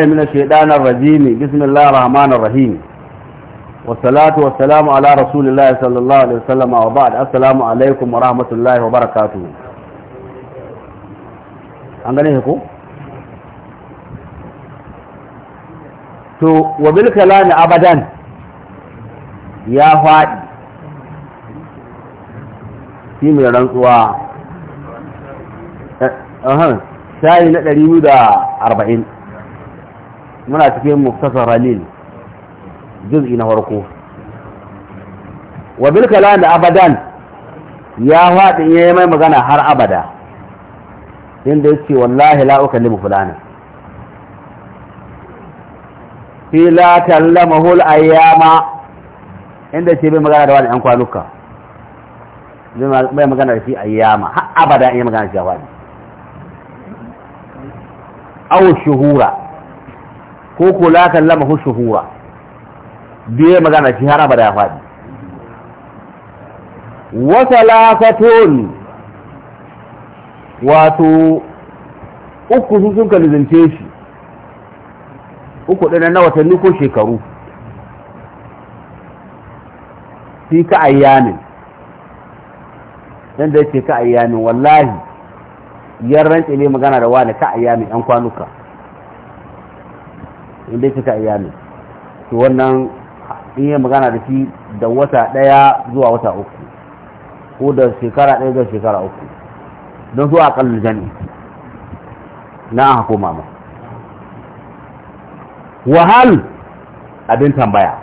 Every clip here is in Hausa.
من الشيطان الرجيم بسم الله الرحمن الرحيم والصلاة والسلام على رسول الله صلى الله عليه وسلم وبعد السلام عليكم ورحمة الله وبركاته an gane تو وبالكلام wa يا kalami في ya faɗi shi mai rantsuwa shayi na 240 muna cikin muktasar halil juz'i na farko wa bil kalam abadan ya faɗi ya yi mai magana har abada inda yake wallahi la ukallimu fulana fi la kallamahu al ayyama inda yake bai magana da wani an kwanuka bai magana da shi ayyama har abada in ya magana shi ya faɗi au shuhura ko ko la kallama hu shuhura biye magana shi har abada ya faɗi wa salafatun wato uku su sun kalizince shi uku ɗinan na watanni ko shekaru fi ka ayyamin yadda yake ka ayyamin wallahi yan rantsi ne magana da wani ka ayyamin yan kwanuka inda iya iyali to wannan in yi magana da shi da wata ɗaya zuwa wata uku ko da shekara ɗaya zuwa shekara uku don zuwa aƙalin jani na an hako mama wahal abin tambaya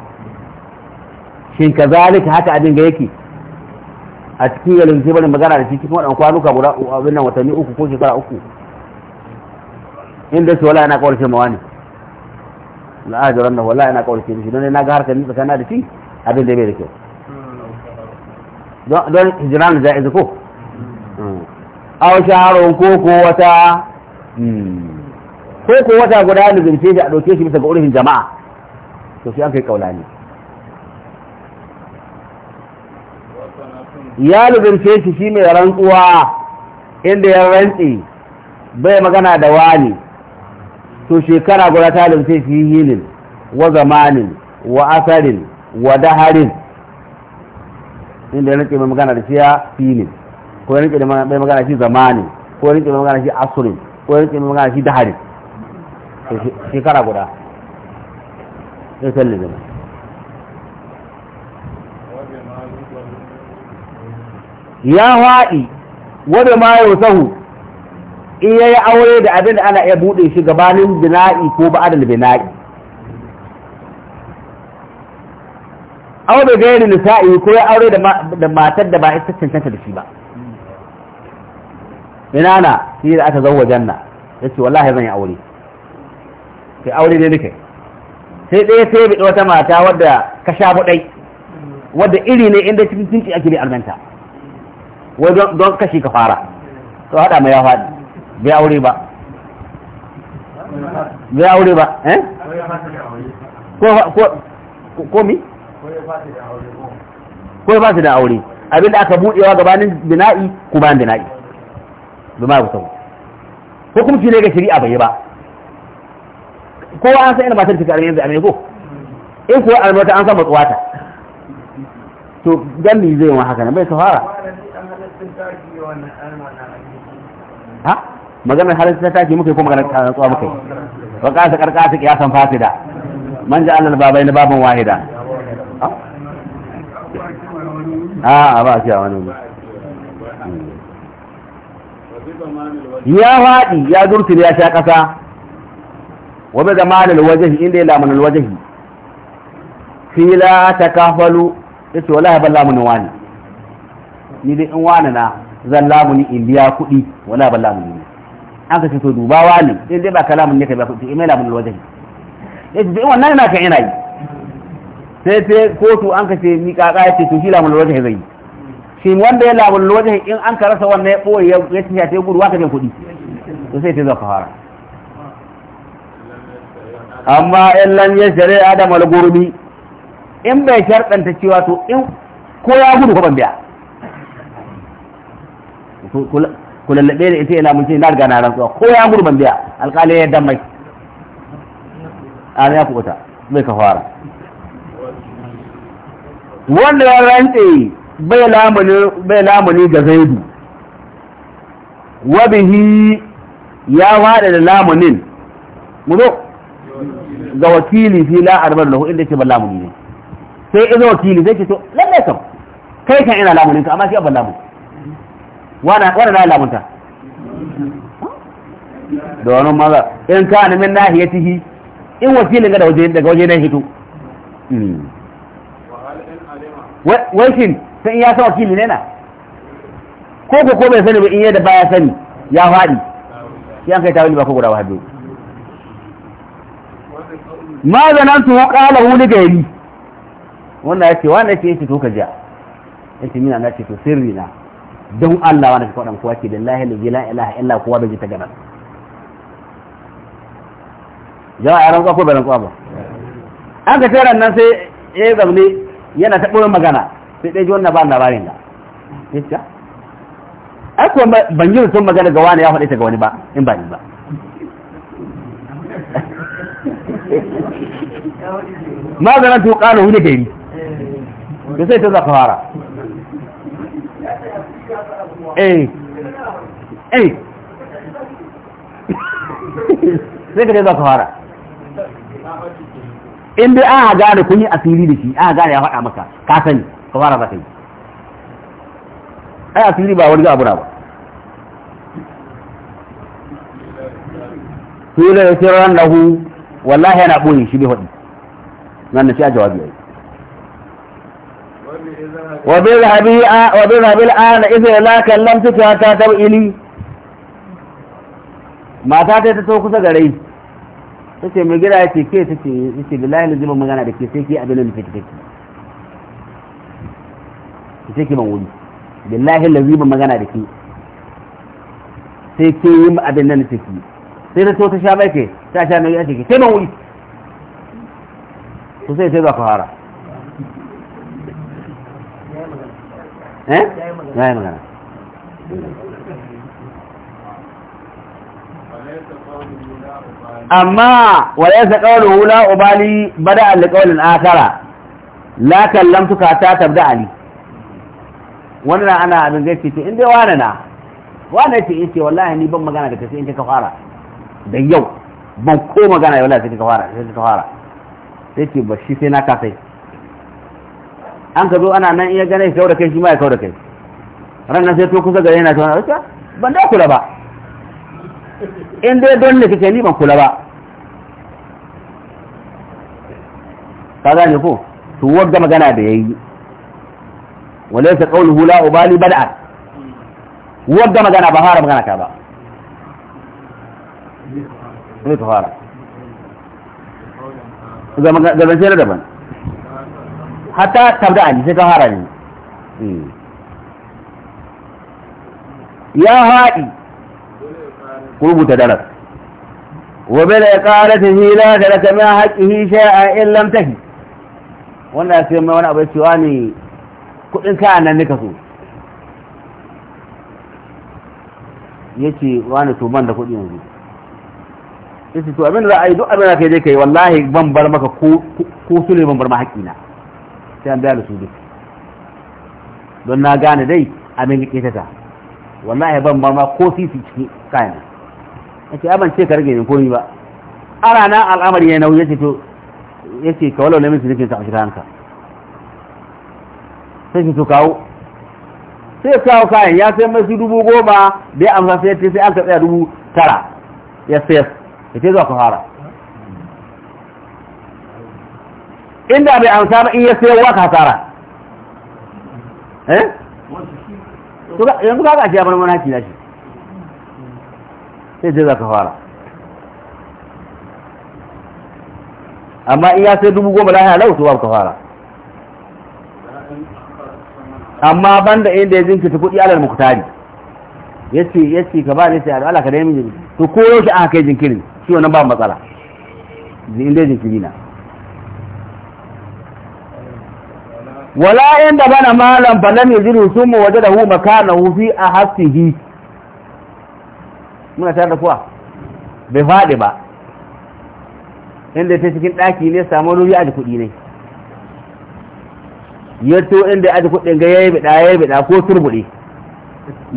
shin ka zalika haka abin ga yake a cikin yalin sai bari magana da shi cikin waɗannan kwanuka guda abin nan watanni uku ko shekara uku inda su wala yana kawar shi mawa ne la'ajaran nan wallahi ina kaurace shi don na ga harkar ni tsakanin da shi abin da bai da kyau don hijiran da zaa ko hmm. aw shaharun ko ko wata hmm. ko ko wata guda da zance da a dauke shi bisa ga urfin jama'a to sai an kai ne ya lubince shi shi mai rantsuwa inda ya rantsi bai magana da wani to shekara guda ta limce fi yinin wa zamanin wa asarin wa daharin inda ya rike mai magana da shi ya filin ko ya rike mai magana da shi zamanin ko ya rike mai magana da shi asurin ko ya rike mai magana da shi daharin shekara guda ya salli zama ya haɗi wadda ma yau sahu in yayi aure da abin da ana iya buɗe shi gabanin bina'i ko adal bina'i aure da gairi nisa'i ko ya aure da matar da ba ita cancanta da shi ba ina na shi da aka zauwa janna yace wallahi zan yi aure sai aure ne nake sai ɗaya sai bi wata mata wadda ka sha buɗai wadda iri ne inda cikin cinci ake bi almanta wai don kashi ka fara to haɗa mai ya faɗi bai aure ba bai aure ba eh ko ko mi ko ba su da aure abinda aka budewa gabanin bina'i ko bayan bina'i bi ma kuma fi ne ga shari'a bai ba ko an san ina matar ta karin yanzu a ko in kuwa almata an san matsuwa ta to dan me zai yi haka nan bai safara ha maganar halin ta tashi muka yi ko maganar tsantsuwa muka yi wa kasa karkasa kiyasan fasida man ja Allah babai na baban wahida a ah, ah, ba shi a wani hmm. ya faɗi ya durtin ya sha ƙasa wa bi zamanil wajhi inda ya lamunul wajhi fi la takafalu yace wallahi ban lamunin wani ni dai in wani na zan lamuni in biya kuɗi wallahi ban lamuni an ka ce to duba ne sai dai ba kalamun ne kai ba to imai lamun alwajahi yace in wannan yana ka yana yi sai sai kotu an ka ce ni kaka ce to shi lamun alwajahi zai shi wanda ya lamun alwajahi in an ka rasa wannan ya boye ya ce ya ta gudu ka jin kuɗi to sai ta zaka fara amma in ya yashri adam al-gurbi in bai sharɗanta cewa to in ko ya gudu ko ban biya ku lallabe da ita ina mun ce na riga na rantsuwa ko ya gurban biya alƙali ya dan mai an ya kuɓuta bai ka fara wanda ya rantse bai lamuni bai lamuni ga zaidu wa bihi ya wada da lamunin mu zo ga wakili fi la arbar lahu inda ce ban lamuni ne sai izo wakili zai ce to lalle kam kai kan ina lamunin ka amma shi ban lamuni wana na lamunta da wani maza in ka na min tihi in wakilin ga daga waje na hito wai ta in ya san wakili ne na ko ko ko bai sani ba in yadda ba ya sani ya faɗi shi an kai tawili ba ko guda wahabi ma zanan su ƙala wuli gari wanda ya ce wannan ya ce ya ce to ka ja ya ce mina na ce to sirri na don Allah wani ka kwaɗan kuwa ke da lahi da la ilaha illa kowa bai ji ta jawa a rantsuwa ko bai rantsuwa ba an ka tsere nan sai ya yi zamne yana ta ɓoye magana sai ɗaya ji wannan ba labarin da yadda ai kuwa ban yi sun magana ga wani ya faɗi ta ga wani ba in ba ni ba ma zanen tuƙa da wuni gari da sai ta zaka fara eh eh sai ka dai za ka fara in dai an haga da kun yi asiri da shi an haga da ya faɗa maka ka sani ka fara za ka yi ai asiri ba wani abu ba su yi da ya tsirar lahu wallahi yana ɓoye shi bai faɗi nan da shi a jawabi yayi Waɗanda Habibu ala'ina na isa na a kan lamsu ta ta tafi ina. ta yi ta toku ta gare. Ta ce maigiran ya keke ya ce, ya ce biyallayhi magana da ke sai ki yi a binan fete-fete. Ya ce ki ban wuri, magana da ke sai ki yi eh ya yi magana amma wa ya sa ƙaunar hula ubali bada alƙaunin akara la kallamtuka ta tabda ali wannan ana abin zai ce in dai wani na wani ce in ce wallahi ni ban magana da kasi in ka fara da yau ban ko magana yau sai ka fara sai ka fara sai ce ba shi sai na kasai an ka zo ana nan iya gane kawo da kai shi ma ya kawo da kai ran nan sai to kusa gare na ta wani ban da kula ba in dai don ne kake ni ban kula ba ka gane ko to wagga magana da yayi walaysa qawluhu la ubali bad'a wagga magana ba fara magana ta ba ne to fara ga magana da daban hatta tabda'ani sai ka fara ne hmm. ya haɗi rubuta daras wa bil iqalati hila da laka ma haqqihi a in lam tahi wanda sai mai wani abu cewa ne kudin kayan nan nika so Ya yace wani to man da kuɗi yanzu Ya ce to abin da za a yi duk abin da kai je kai wallahi ban bar maka ko ko sule ban bar ma haƙƙina sai an biya da su duk don na gane dai abin da ƙeta ta wallahi ban ba ma ko sisi cikin kayan a ce aban ce ka rage min komi ba ara na al'amari ya nauyi ya ce to ya ce ka walau na min su nufin ta a shirin hanka sai shi to kawo sai kawo kayan ya sai masu dubu goma bai amsa sai sai an ka tsaya dubu tara ya sai ya ce zuwa ka fara inda bai amsa ba in ya sayo wa kasara eh yanzu kaga ce ya bar manaki na shi sai je za ka fara amma in ya sai dubu goma lahiya lau to ka fara amma banda inda ya jinkita kuɗi alal muktari yace yace ka ba ni sai Allah ka dai miji to ko yaushe aka kai jinkirin shi wannan ba matsala inda jinkiri na wala inda bana malam balam yaziru summa wajadahu makanahu fi ahsihi muna tare da kuwa bai fadi ba inda ta cikin daki ne samu ruwi aji kuɗi ne yato inda aji kudi ga yayi biɗa yayi biɗa ko turbuɗe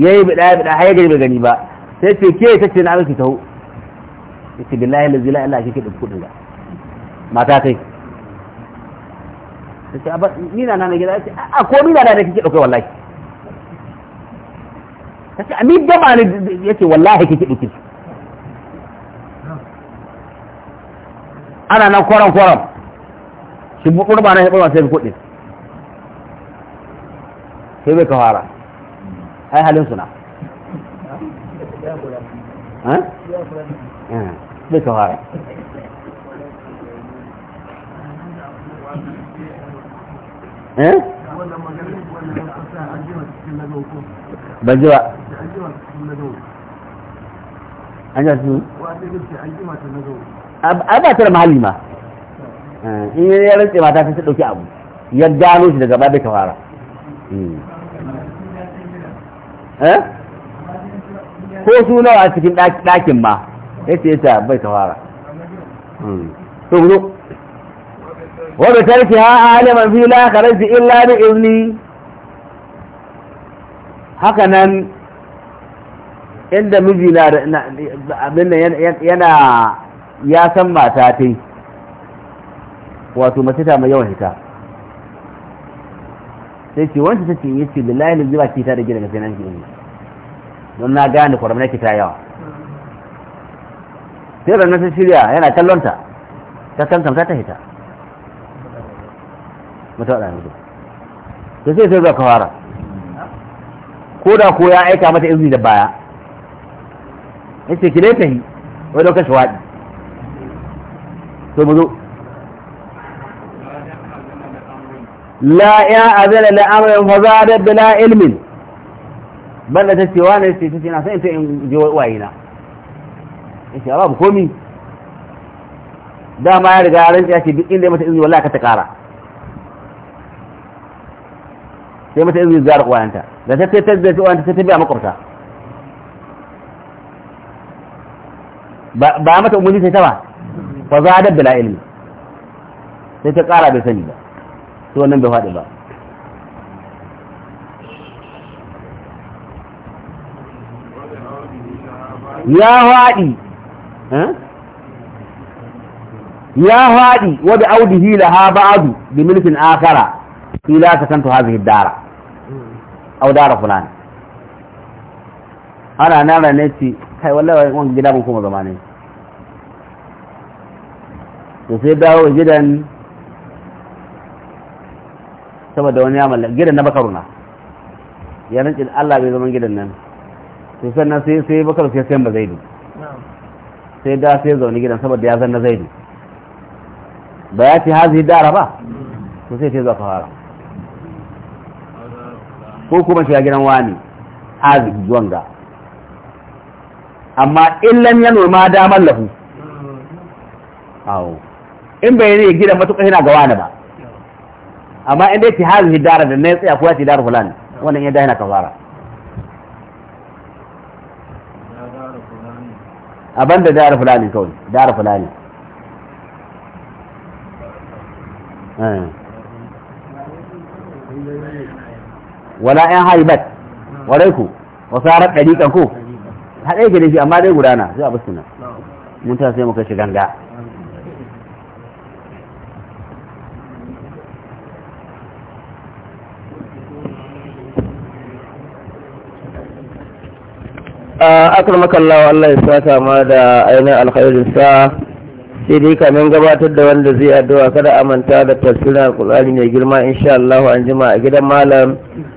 yayi biɗa yayi biɗa har gari bai gani ba sai ce ke ta ce na miki taho ita billahi la ilaha illa ake kiɗin kuɗin ga mata kai ta ce abin nina na na gida ce a ko nina na da kike ɗauke wallahi ta ce amin gama ne ya ce wallahi kike ɗauke su ana nan kwaran kwaran shi buɗuɗu ba na ya ɓarwa sai bi kuɗi sai bai ka fara ai halin suna eh, bai ka fara Eh? ban ji ba an a ba ta da mahalli ma eh, in yi ya rantse mata abu ya gano shi daga babu hmm. eh? ko su nawa cikin ɗakin ma ya ce ya ta hmm. to fi la في illa خرج إلا haka nan inda miji na abin nan yana ya san mata ta wato mace ta mai yawan hita sai ce wancan ta ce yi ce lillahi ne zuba ta da gida nan sanan gini don na gane kwaram yake kita yawa sai ranar sai shirya yana kallonta ta kankan ta hita mata da mutu to sai sai zuwa kawara ko da ko ya aika mata izini da baya ce ki laifin yi wai dauka shawadi to mu zo la ya azala la amrin fa zada bila ilmin balla ta ce wani ce ta ce na sai ta in je wayina yace babu komi dama ya riga ran ya ce duk inda mata izini wallahi ka ta kara sai mata izini ziyara uwayenta da ta sai ta zai uwayenta ta biya makwabta ba mata umarni sai ta ba ba za a da bila ilimi sai ta kara bai sani ba to wannan bai faɗi ba ya faɗi ya faɗi wadda audihi laha ba'adu bi milkin akara ila ta kanto hazihi dara au dara fulani ana nan rane ci kai wallahi wani gida mun kuma zama ne to sai dawo gidan saboda wani ya gidan na bakaruna ya rinci Allah bai zama gidan nan to sannan sai sai bakar sai sai ba zaidu sai da sai zaune gidan saboda ya zanna zai zaidu ba ya ci hazi dara ba mm. to sai sai zuwa fara ko kuma shiga gidan wani arziki zuwan ga amma illan ya noma damar lahu awo in bai ne gidan matuƙa yana ga wani ba amma in dai tihazin hidara da na ya tsaya kuwa hidara fulani wannan yadda yana kafara abin da dara fulani kawai dara fulani eh. wala yan haibat warai ku wasu harar ɗariƙan ko haɗe yake da shi amma dai gudana zai abu suna mun ta sai muka shi ganga akramakallah Allah ya saka ma da ainihin alkhairin sa sai dai kamin gabatar da wanda zai addu'a kada amanta da tafsirin alkur'ani mai girma insha Allah an jima a gidan malam